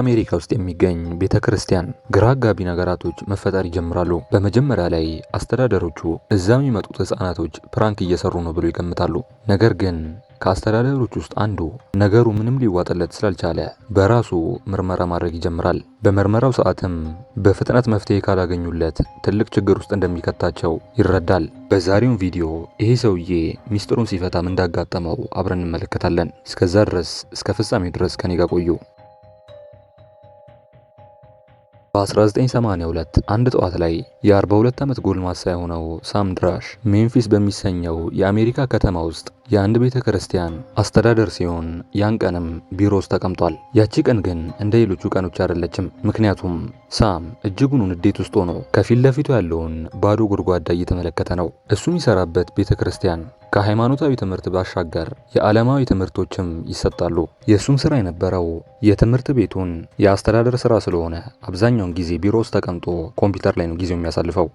አሜሪካ ውስጥ የሚገኝ ቤተ ክርስቲያን ግራ አጋቢ ነገራቶች መፈጠር ይጀምራሉ። በመጀመሪያ ላይ አስተዳደሮቹ እዛ የሚመጡት ህጻናቶች ፕራንክ እየሰሩ ነው ብሎ ይገምታሉ። ነገር ግን ከአስተዳደሮች ውስጥ አንዱ ነገሩ ምንም ሊዋጥለት ስላልቻለ በራሱ ምርመራ ማድረግ ይጀምራል። በምርመራው ሰዓትም በፍጥነት መፍትሄ ካላገኙለት ትልቅ ችግር ውስጥ እንደሚከታቸው ይረዳል። በዛሬውን ቪዲዮ ይሄ ሰውዬ ሚስጥሩን ሲፈታም እንዳጋጠመው አብረን እንመለከታለን። እስከዛ ድረስ እስከ ፍጻሜ ድረስ ከኔ ጋር ቆዩ። በ1982 አንድ ጠዋት ላይ የ42 ዓመት ጎልማሳ የሆነው ሳም ድራሽ ሜምፊስ በሚሰኘው የአሜሪካ ከተማ ውስጥ የአንድ ቤተ ክርስቲያን አስተዳደር ሲሆን ያን ቀንም ቢሮ ውስጥ ተቀምጧል። ያቺ ቀን ግን እንደ ሌሎቹ ቀኖች አይደለችም። ምክንያቱም ሳም እጅጉን ንዴት ውስጥ ሆኖ ከፊት ለፊቱ ያለውን ባዶ ጎድጓዳ እየተመለከተ ነው። እሱ የሚሰራበት ቤተ ክርስቲያን ከሃይማኖታዊ ትምህርት ባሻገር የዓለማዊ ትምህርቶችም ይሰጣሉ። የእሱም ስራ የነበረው የትምህርት ቤቱን የአስተዳደር ስራ ስለሆነ አብዛኛውን ጊዜ ቢሮ ውስጥ ተቀምጦ ኮምፒውተር ላይ ነው ጊዜው የሚያሳልፈው።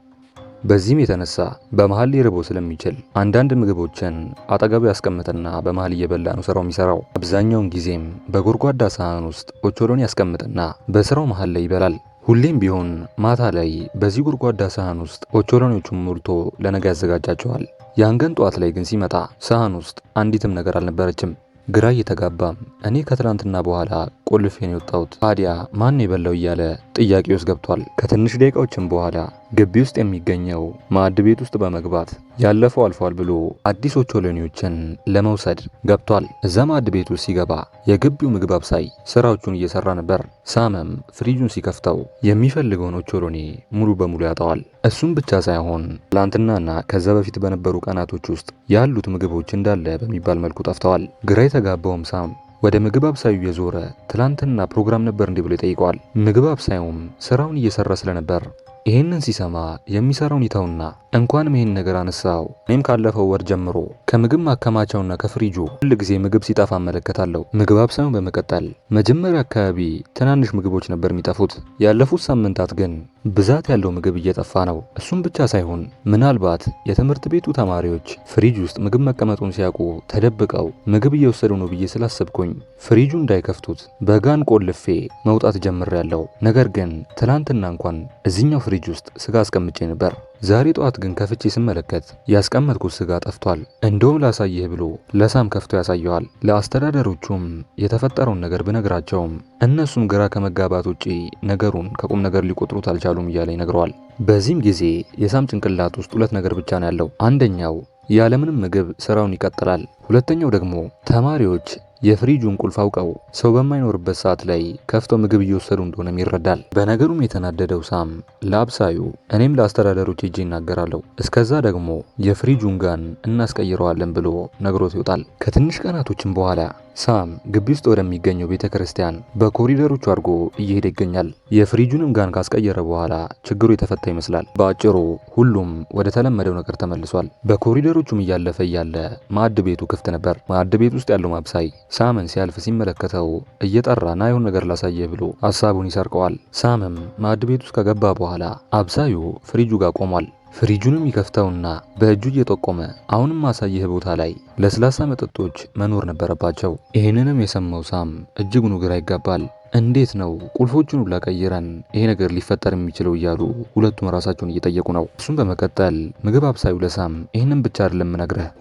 በዚህም የተነሳ በመሀል ሊርቦ ስለሚችል አንዳንድ ምግቦችን አጠገቡ ያስቀምጥና በመሀል እየበላ ነው ስራው የሚሰራው። አብዛኛውን ጊዜም በጎድጓዳ ሳህን ውስጥ ኦቾሎን ያስቀምጥና በስራው መሀል ላይ ይበላል። ሁሌም ቢሆን ማታ ላይ በዚህ ጎድጓዳ ሳህን ውስጥ ኦቾሎኒዎቹን ሞልቶ ለነገ ያዘጋጃቸዋል። ያን ቀን ጠዋት ላይ ግን ሲመጣ ሳህን ውስጥ አንዲትም ነገር አልነበረችም። ግራ እየተጋባም እኔ ከትላንትና በኋላ ቁልፌን የወጣሁት ታዲያ ማን የበላው እያለ ጥያቄ ውስጥ ገብቷል። ከትንሽ ደቂቃዎችም በኋላ ግቢ ውስጥ የሚገኘው ማዕድ ቤት ውስጥ በመግባት ያለፈው አልፏል ብሎ አዲሶች ወለኔዎችን ለመውሰድ ገብቷል። ዘማድ ቤቱ ሲገባ የግቢው ምግብ አብሳይ ስራዎቹን እየሰራ ነበር። ሳመም ፍሪጁን ሲከፍተው የሚፈልገውን ኦቾሎኒ ሙሉ በሙሉ ያጠዋል። እሱም ብቻ ሳይሆን ትላንትናና ከዛ በፊት በነበሩ ቀናቶች ውስጥ ያሉት ምግቦች እንዳለ በሚባል መልኩ ጠፍተዋል። ግራ የተጋባውም ሳም ወደ ምግብ አብሳዩ እየዞረ ትላንትና ፕሮግራም ነበር እንዲህ ብሎ ይጠይቀዋል። ምግብ አብሳዩም ስራውን እየሰራ ስለነበር ይህንን ሲሰማ የሚሰራውን ይተውና እንኳንም ይህን ነገር አነሳው እኔም ካለፈው ወር ጀምሮ ከምግብ ማከማቻውና ከፍሪጁ ሁል ጊዜ ምግብ ሲጠፋ እመለከታለሁ። ምግብ አብሳዩን በመቀጠል መጀመሪያ አካባቢ ትናንሽ ምግቦች ነበር የሚጠፉት። ያለፉት ሳምንታት ግን ብዛት ያለው ምግብ እየጠፋ ነው። እሱም ብቻ ሳይሆን ምናልባት የትምህርት ቤቱ ተማሪዎች ፍሪጅ ውስጥ ምግብ መቀመጡን ሲያውቁ ተደብቀው ምግብ እየወሰዱ ነው ብዬ ስላሰብኩኝ ፍሪጁ እንዳይከፍቱት በጋን ቆልፌ መውጣት ጀምሬያለሁ። ነገር ግን ትናንትና እንኳን እዚህኛው ፍሪጅ ውስጥ ስጋ አስቀምጬ ነበር። ዛሬ ጠዋት ግን ከፍቼ ስመለከት ያስቀመጥኩት ስጋ ጠፍቷል። እንደውም ላሳይህ ብሎ ለሳም ከፍቶ ያሳየዋል። ለአስተዳደሮቹም የተፈጠረውን ነገር ብነግራቸውም እነሱም ግራ ከመጋባት ውጪ ነገሩን ከቁም ነገር ሊቆጥሩት አልቻሉም እያለ ይነግረዋል። በዚህም ጊዜ የሳም ጭንቅላት ውስጥ ሁለት ነገር ብቻ ነው ያለው። አንደኛው ያለምንም ምግብ ስራውን ይቀጥላል። ሁለተኛው ደግሞ ተማሪዎች የፍሪጁን ቁልፍ አውቀው ሰው በማይኖርበት ሰዓት ላይ ከፍተው ምግብ እየወሰዱ እንደሆነም ይረዳል። በነገሩም የተናደደው ሳም ለአብሳዩ እኔም ለአስተዳደሮች ሄጄ ይናገራለሁ፣ እስከዛ ደግሞ የፍሪጁን ጋን እናስቀይረዋለን ብሎ ነግሮት ይወጣል። ከትንሽ ቀናቶችም በኋላ ሳም ግቢ ውስጥ ወደሚገኘው ቤተ ክርስቲያን በኮሪደሮቹ አድርጎ እየሄደ ይገኛል። የፍሪጁንም ጋን ካስቀየረ በኋላ ችግሩ የተፈታ ይመስላል። በአጭሩ ሁሉም ወደ ተለመደው ነገር ተመልሷል። በኮሪደሮቹም እያለፈ እያለ ማዕድ ቤቱ ክፍት ነበር። ማዕድ ቤት ውስጥ ያለው ማብሳይ ሳምን ሲያልፍ ሲመለከተው እየጠራ ና የሆነ ነገር ላሳየ ብሎ ሀሳቡን ይሰርቀዋል። ሳምም ማዕድ ቤት ውስጥ ከገባ በኋላ አብሳዩ ፍሪጁ ጋር ቆሟል። ፍሪጁንም ይከፍተውና በእጁ እየጠቆመ አሁንም ማሳየህ ቦታ ላይ ለስላሳ መጠጦች መኖር ነበረባቸው። ይህንንም የሰማው ሳም እጅጉን ግራ ይጋባል። እንዴት ነው ቁልፎቹን ሁላ ቀይረን ይሄ ነገር ሊፈጠር የሚችለው እያሉ ሁለቱም ራሳቸውን እየጠየቁ ነው። እሱም በመቀጠል ምግብ አብሳዩ ለሳም ይህንን ብቻ አይደለም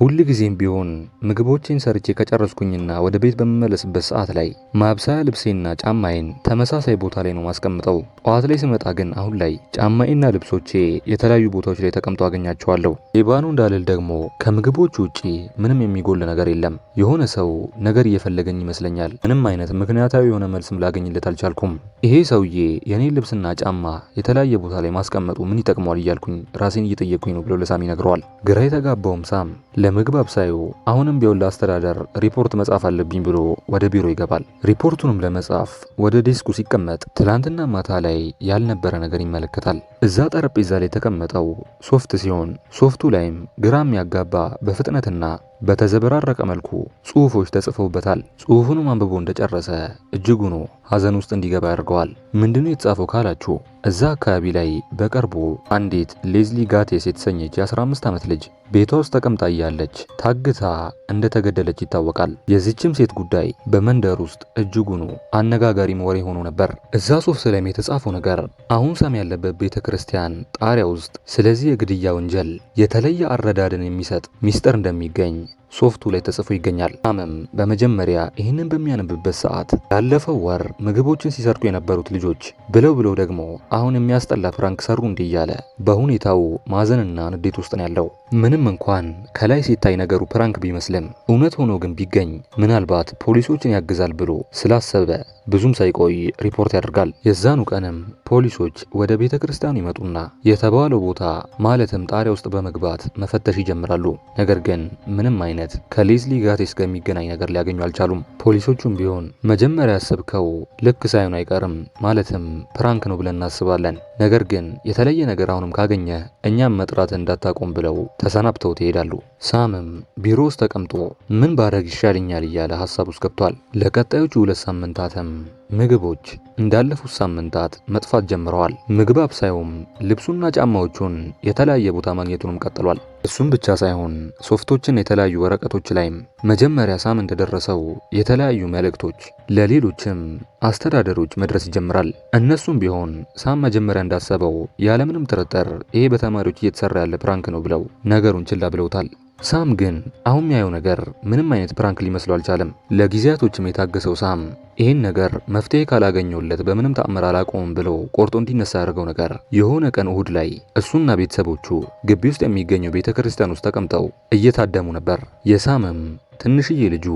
ሁል ጊዜም ቢሆን ምግቦቼን ሰርቼ ከጨረስኩኝና ወደ ቤት በምመለስበት ሰዓት ላይ ማብሰያ ልብሴና ጫማዬን ተመሳሳይ ቦታ ላይ ነው ማስቀምጠው። ጠዋት ላይ ስመጣ ግን አሁን ላይ ጫማዬና ልብሶቼ የተለያዩ ቦታዎች ላይ ተቀምጦ አገኛቸዋለሁ። ኢባኑ እንዳልል ደግሞ ከምግቦች ውጪ ምንም የሚጎል ነገር የለም። የሆነ ሰው ነገር እየፈለገኝ ይመስለኛል። ምንም አይነት ምክንያታዊ የሆነ መልስም ላገኝ ላገኝለት አልቻልኩም። ይሄ ሰውዬ የኔ ልብስና ጫማ የተለያየ ቦታ ላይ ማስቀመጡ ምን ይጠቅመዋል እያልኩኝ ራሴን እየጠየቅኩኝ ነው ብሎ ለሳም ይነግረዋል። ግራ የተጋባውም ሳም ለምግባብ ሳዩ አሁንም ቢሆን ለአስተዳደር ሪፖርት መጻፍ አለብኝ ብሎ ወደ ቢሮ ይገባል። ሪፖርቱንም ለመጻፍ ወደ ዴስኩ ሲቀመጥ ትላንትና ማታ ላይ ያልነበረ ነገር ይመለከታል። እዛ ጠረጴዛ ላይ የተቀመጠው ሶፍት ሲሆን ሶፍቱ ላይም ግራ የሚያጋባ በፍጥነትና በተዘበራረቀ መልኩ ጽሑፎች ተጽፈውበታል። ጽሑፉንም አንብቦ እንደጨረሰ እጅጉ ነው ሀዘን ውስጥ እንዲገባ ያደርገዋል። ምንድነው የተጻፈው ካላችሁ እዛ አካባቢ ላይ በቅርቡ አንዲት ሌዝሊ ጋቴስ የተሰኘች የ15 ዓመት ልጅ ቤቷ ውስጥ ተቀምጣ እያለች ታግታ እንደተገደለች ይታወቃል። የዚችም ሴት ጉዳይ በመንደር ውስጥ እጅጉኑ አነጋጋሪም ወሬ ሆኖ ነበር። እዛ ጽሑፍ ስለም የተጻፈው ነገር አሁን ሳም ያለበት ቤተ ክርስቲያን ጣሪያ ውስጥ ስለዚህ የግድያ ወንጀል የተለየ አረዳድን የሚሰጥ ሚስጥር እንደሚገኝ ሶፍቱ ላይ ተጽፎ ይገኛል። አመም በመጀመሪያ ይህንን በሚያነብበት ሰዓት ያለፈው ወር ምግቦችን ሲሰርቁ የነበሩት ልጆች ብለው ብለው ደግሞ አሁን የሚያስጠላ ፕራንክ ሰሩ እንዲህ እያለ በሁኔታው ማዘንና ንዴት ውስጥ ነው ያለው። ምንም እንኳን ከላይ ሲታይ ነገሩ ፕራንክ ቢመስልም እውነት ሆኖ ግን ቢገኝ ምናልባት ፖሊሶችን ያግዛል ብሎ ስላሰበ ብዙም ሳይቆይ ሪፖርት ያደርጋል። የዛኑ ቀንም ፖሊሶች ወደ ቤተ ክርስቲያኑ ይመጡና የተባለው ቦታ ማለትም ጣሪያ ውስጥ በመግባት መፈተሽ ይጀምራሉ። ነገር ግን ምንም አይነት ከሌዝሊ ጋቴስ ጋር የሚገናኝ ነገር ሊያገኙ አልቻሉም። ፖሊሶቹም ቢሆን መጀመሪያ ያሰብከው ልክ ሳይሆን አይቀርም ማለትም ፕራንክ ነው ብለን እናስባለን፣ ነገር ግን የተለየ ነገር አሁንም ካገኘ እኛም መጥራት እንዳታቆም ብለው ተሰናብተው ትሄዳሉ። ሳምም ቢሮ ውስጥ ተቀምጦ ምን ባረግ ይሻልኛል እያለ ሀሳብ ውስጥ ገብቷል። ለቀጣዮቹ ሁለት ሳምንታትም ምግቦች እንዳለፉት ሳምንታት መጥፋት ጀምረዋል። ምግብ አብሳዩም ልብሱና ጫማዎቹን የተለያየ ቦታ ማግኘቱንም ቀጥሏል። እሱም ብቻ ሳይሆን ሶፍቶችን የተለያዩ ወረቀቶች ላይም መጀመሪያ ሳምንት ደረሰው የተለያዩ መልእክቶች ለሌሎችም አስተዳደሮች መድረስ ይጀምራል። እነሱም ቢሆን ሳም መጀመሪያ እንዳሰበው ያለምንም ጥርጥር ይሄ በተማሪዎች እየተሰራ ያለ ፕራንክ ነው ብለው ነገሩን ችላ ብለውታል። ሳም ግን አሁን የሚያየው ነገር ምንም አይነት ፕራንክ ሊመስለው አልቻለም። ለጊዜያቶችም የታገሰው ሳም ይህን ነገር መፍትሄ ካላገኘለት በምንም ተአምር አላቆምም ብሎ ቆርጦ እንዲነሳ ያደርገው ነገር የሆነ ቀን እሁድ ላይ እሱና ቤተሰቦቹ ግቢ ውስጥ የሚገኘው ቤተ ክርስቲያን ውስጥ ተቀምጠው እየታደሙ ነበር። የሳምም ትንሽዬ ልጁ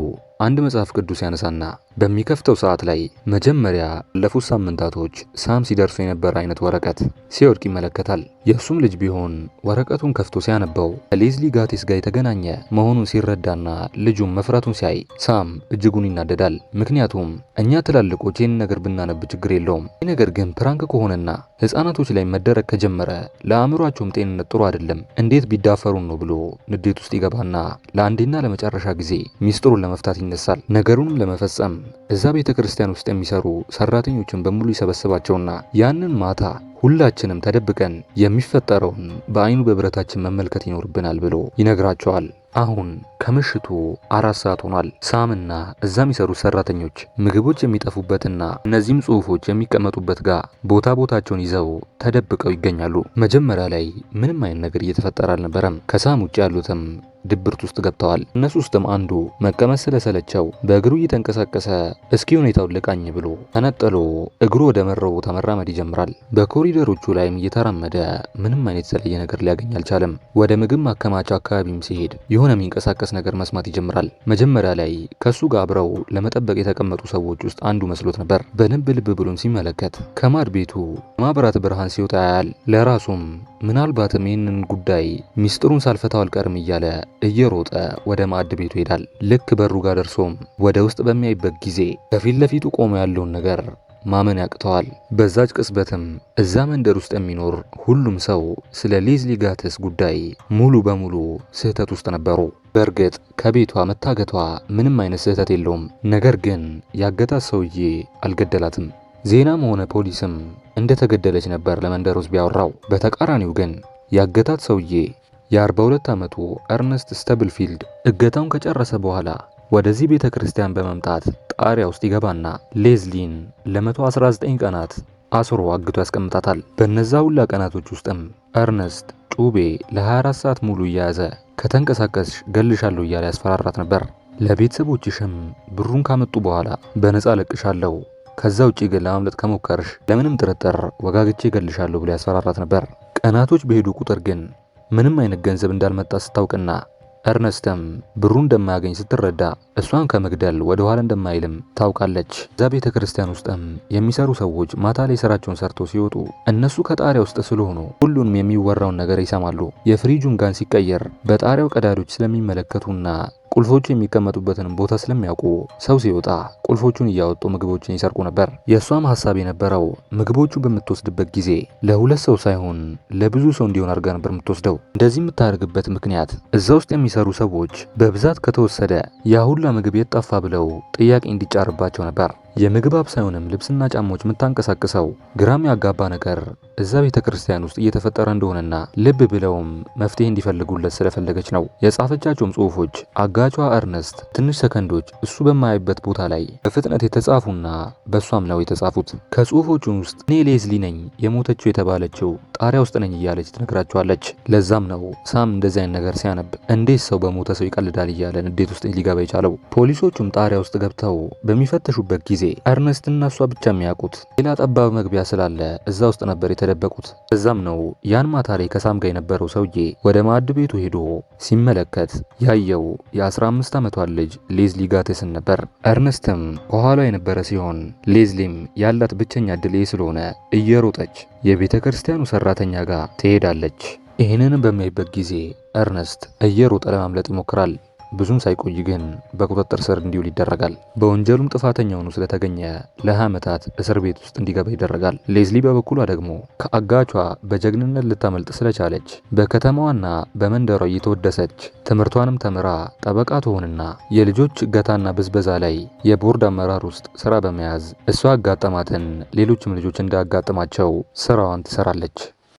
አንድ መጽሐፍ ቅዱስ ያነሳና በሚከፍተው ሰዓት ላይ መጀመሪያ ባለፉት ሳምንታቶች ሳም ሲደርሱ የነበረ አይነት ወረቀት ሲወድቅ ይመለከታል። የእሱም ልጅ ቢሆን ወረቀቱን ከፍቶ ሲያነበው ከሌዝሊ ጋቴስ ጋር የተገናኘ መሆኑን ሲረዳና ልጁም መፍራቱን ሲያይ ሳም እጅጉን ይናደዳል። ምክንያቱም እኛ ትላልቆች ይህን ነገር ብናነብ ችግር የለውም፣ ይህ ነገር ግን ፕራንክ ከሆነና ሕፃናቶች ላይ መደረግ ከጀመረ ለአእምሯቸውም ጤንነት ጥሩ አይደለም፣ እንዴት ቢዳፈሩን ነው ብሎ ንዴት ውስጥ ይገባና ለአንዴና ለመጨረሻ ጊዜ ሚስጥሩን ለመፍታት ይነሳል። ነገሩንም ለመፈጸም እዛ ቤተ ክርስቲያን ውስጥ የሚሰሩ ሰራተኞችን በሙሉ ይሰበስባቸውና ያንን ማታ ሁላችንም ተደብቀን የሚፈጠረውን በአይኑ በብረታችን መመልከት ይኖርብናል ብሎ ይነግራቸዋል። አሁን ከምሽቱ አራት ሰዓት ሆኗል። ሳምና እዛ የሚሰሩ ሰራተኞች ምግቦች የሚጠፉበትና እነዚህም ጽሁፎች የሚቀመጡበት ጋር ቦታ ቦታቸውን ይዘው ተደብቀው ይገኛሉ። መጀመሪያ ላይ ምንም አይነት ነገር እየተፈጠረ አልነበረም። ከሳም ውጭ ያሉትም ድብርት ውስጥ ገብተዋል። እነሱ ውስጥም አንዱ መቀመጥ ስለሰለቸው በእግሩ እየተንቀሳቀሰ እስኪ ሁኔታውን ልቃኝ ብሎ ተነጥሎ እግሩ ወደ መረቡ ተመራመድ መራመድ ይጀምራል። በኮሪደሮቹ ላይም እየተራመደ ምንም አይነት የተለየ ነገር ሊያገኝ አልቻለም። ወደ ምግብ ማከማቻ አካባቢም ሲሄድ የሆነ የሚንቀሳቀስ ነገር መስማት ይጀምራል። መጀመሪያ ላይ ከእሱ ጋር አብረው ለመጠበቅ የተቀመጡ ሰዎች ውስጥ አንዱ መስሎት ነበር። በልብ ልብ ብሎም ሲመለከት ከማድ ቤቱ ማብራት ብርሃን ሲወጣ ያያል። ለራሱም ምናልባትም ይህንን ጉዳይ ሚስጥሩን ሳልፈታው አልቀርም እያለ እየሮጠ ወደ ማዕድ ቤቱ ይሄዳል። ልክ በሩ ጋር ደርሶም ወደ ውስጥ በሚያይበት ጊዜ ከፊት ለፊቱ ቆሞ ያለውን ነገር ማመን ያቅተዋል። በዛች ቅጽበትም እዛ መንደር ውስጥ የሚኖር ሁሉም ሰው ስለ ሌዝሊ ጋትስ ጉዳይ ሙሉ በሙሉ ስህተት ውስጥ ነበሩ። በእርግጥ ከቤቷ መታገቷ ምንም አይነት ስህተት የለውም። ነገር ግን ያገታት ሰውዬ አልገደላትም። ዜናም ሆነ ፖሊስም እንደተገደለች ነበር ለመንደር ቢያወራው በተቃራኒው ግን ያገታት ሰውዬ የ42 ዓመቱ ኤርነስት ስተብልፊልድ እገታውን ከጨረሰ በኋላ ወደዚህ ቤተ ክርስቲያን በመምጣት ጣሪያ ውስጥ ይገባና ሌዝሊን ለ119 ቀናት አስሮ አግቶ ያስቀምጣታል። በነዛ ሁላ ቀናቶች ውስጥም ኤርነስት ጩቤ ለ24 ሰዓት ሙሉ እየያዘ ከተንቀሳቀስሽ ገልሻለሁ እያለ ያስፈራራት ነበር። ለቤተሰቦችሽም ብሩን ካመጡ በኋላ በነፃ ለቅሻለሁ ከዛ ውጭ ግን ለማምለጥ ከሞከርሽ ለምንም ጥርጥር ወጋግቼ እገልሻለሁ ብሎ ያስፈራራት ነበር። ቀናቶች በሄዱ ቁጥር ግን ምንም አይነት ገንዘብ እንዳልመጣ ስታውቅና እርነስትም ብሩ እንደማያገኝ ስትረዳ እሷን ከመግደል ወደ ኋላ እንደማይልም ታውቃለች። እዛ ቤተ ክርስቲያን ውስጥም የሚሰሩ ሰዎች ማታ ላይ ስራቸውን ሰርተው ሲወጡ እነሱ ከጣሪያ ውስጥ ስለሆኑ ሁሉንም የሚወራውን ነገር ይሰማሉ። የፍሪጁም ጋን ሲቀየር በጣሪያው ቀዳዶች ስለሚመለከቱና ቁልፎቹ የሚቀመጡበትን ቦታ ስለሚያውቁ ሰው ሲወጣ ቁልፎቹን እያወጡ ምግቦችን ይሰርቁ ነበር። የእሷም ሀሳብ የነበረው ምግቦቹ በምትወስድበት ጊዜ ለሁለት ሰው ሳይሆን ለብዙ ሰው እንዲሆን አድርጋ ነበር የምትወስደው። እንደዚህ የምታደርግበት ምክንያት እዛ ውስጥ የሚሰሩ ሰዎች በብዛት ከተወሰደ ያ ሁላ ምግብ የጠፋ ብለው ጥያቄ እንዲጫርባቸው ነበር። የምግብ ሳይሆንም ልብስና ጫማዎች የምታንቀሳቅሰው ግራም ያጋባ ነገር እዛ ቤተ ክርስቲያን ውስጥ እየተፈጠረ እንደሆነና ልብ ብለውም መፍትሄ እንዲፈልጉለት ስለፈለገች ነው። የጻፈቻቸውም ጽሁፎች አጋቿ እርነስት ትንሽ ሰከንዶች እሱ በማያይበት ቦታ ላይ በፍጥነት የተጻፉና በእሷም ነው የተጻፉት። ከጽሁፎቹ ውስጥ እኔ ሌዝሊ ነኝ የሞተችው የተባለችው ጣሪያ ውስጥ ነኝ እያለች ትነግራቸዋለች። ለዛም ነው ሳም እንደዚህ አይነት ነገር ሲያነብ እንዴት ሰው በሞተ ሰው ይቀልዳል እያለ ንዴት ውስጥ ሊገባ የቻለው። ፖሊሶቹም ጣሪያ ውስጥ ገብተው በሚፈተሹበት ጊዜ እና እሷ ብቻ የሚያውቁት ሌላ ጠባብ መግቢያ ስላለ እዛ ውስጥ ነበር የተደበቁት። እዛም ነው ያን ማታ ላይ ከሳም ጋር የነበረው ሰውዬ ወደ ማዕድ ቤቱ ሄዶ ሲመለከት ያየው የ15 ዓመቷን ልጅ ሌዝሊ ጋቴስን ነበር። እርነስትም ከኋላ የነበረ ሲሆን ሌዝሊም ያላት ብቸኛ ዕድል ስለሆነ እየሮጠች የቤተ ክርስቲያኑ ሰራተኛ ጋር ትሄዳለች። ይህንንም በሚያይበት ጊዜ እርነስት እየሮጠ ለማምለጥ ይሞክራል። ብዙም ሳይቆይ ግን በቁጥጥር ስር እንዲውል ይደረጋል። በወንጀሉም ጥፋተኛ ሆኖ ስለተገኘ ለዓመታት እስር ቤት ውስጥ እንዲገባ ይደረጋል። ሌዝሊ በበኩሏ ደግሞ ከአጋቿ በጀግንነት ልታመልጥ ስለቻለች በከተማዋና በመንደሯ እየተወደሰች ትምህርቷንም ተምራ ጠበቃ ትሆንና የልጆች እገታና ብዝበዛ ላይ የቦርድ አመራር ውስጥ ስራ በመያዝ እሷ አጋጠማትን ሌሎችም ልጆች እንዳያጋጥማቸው ስራዋን ትሰራለች።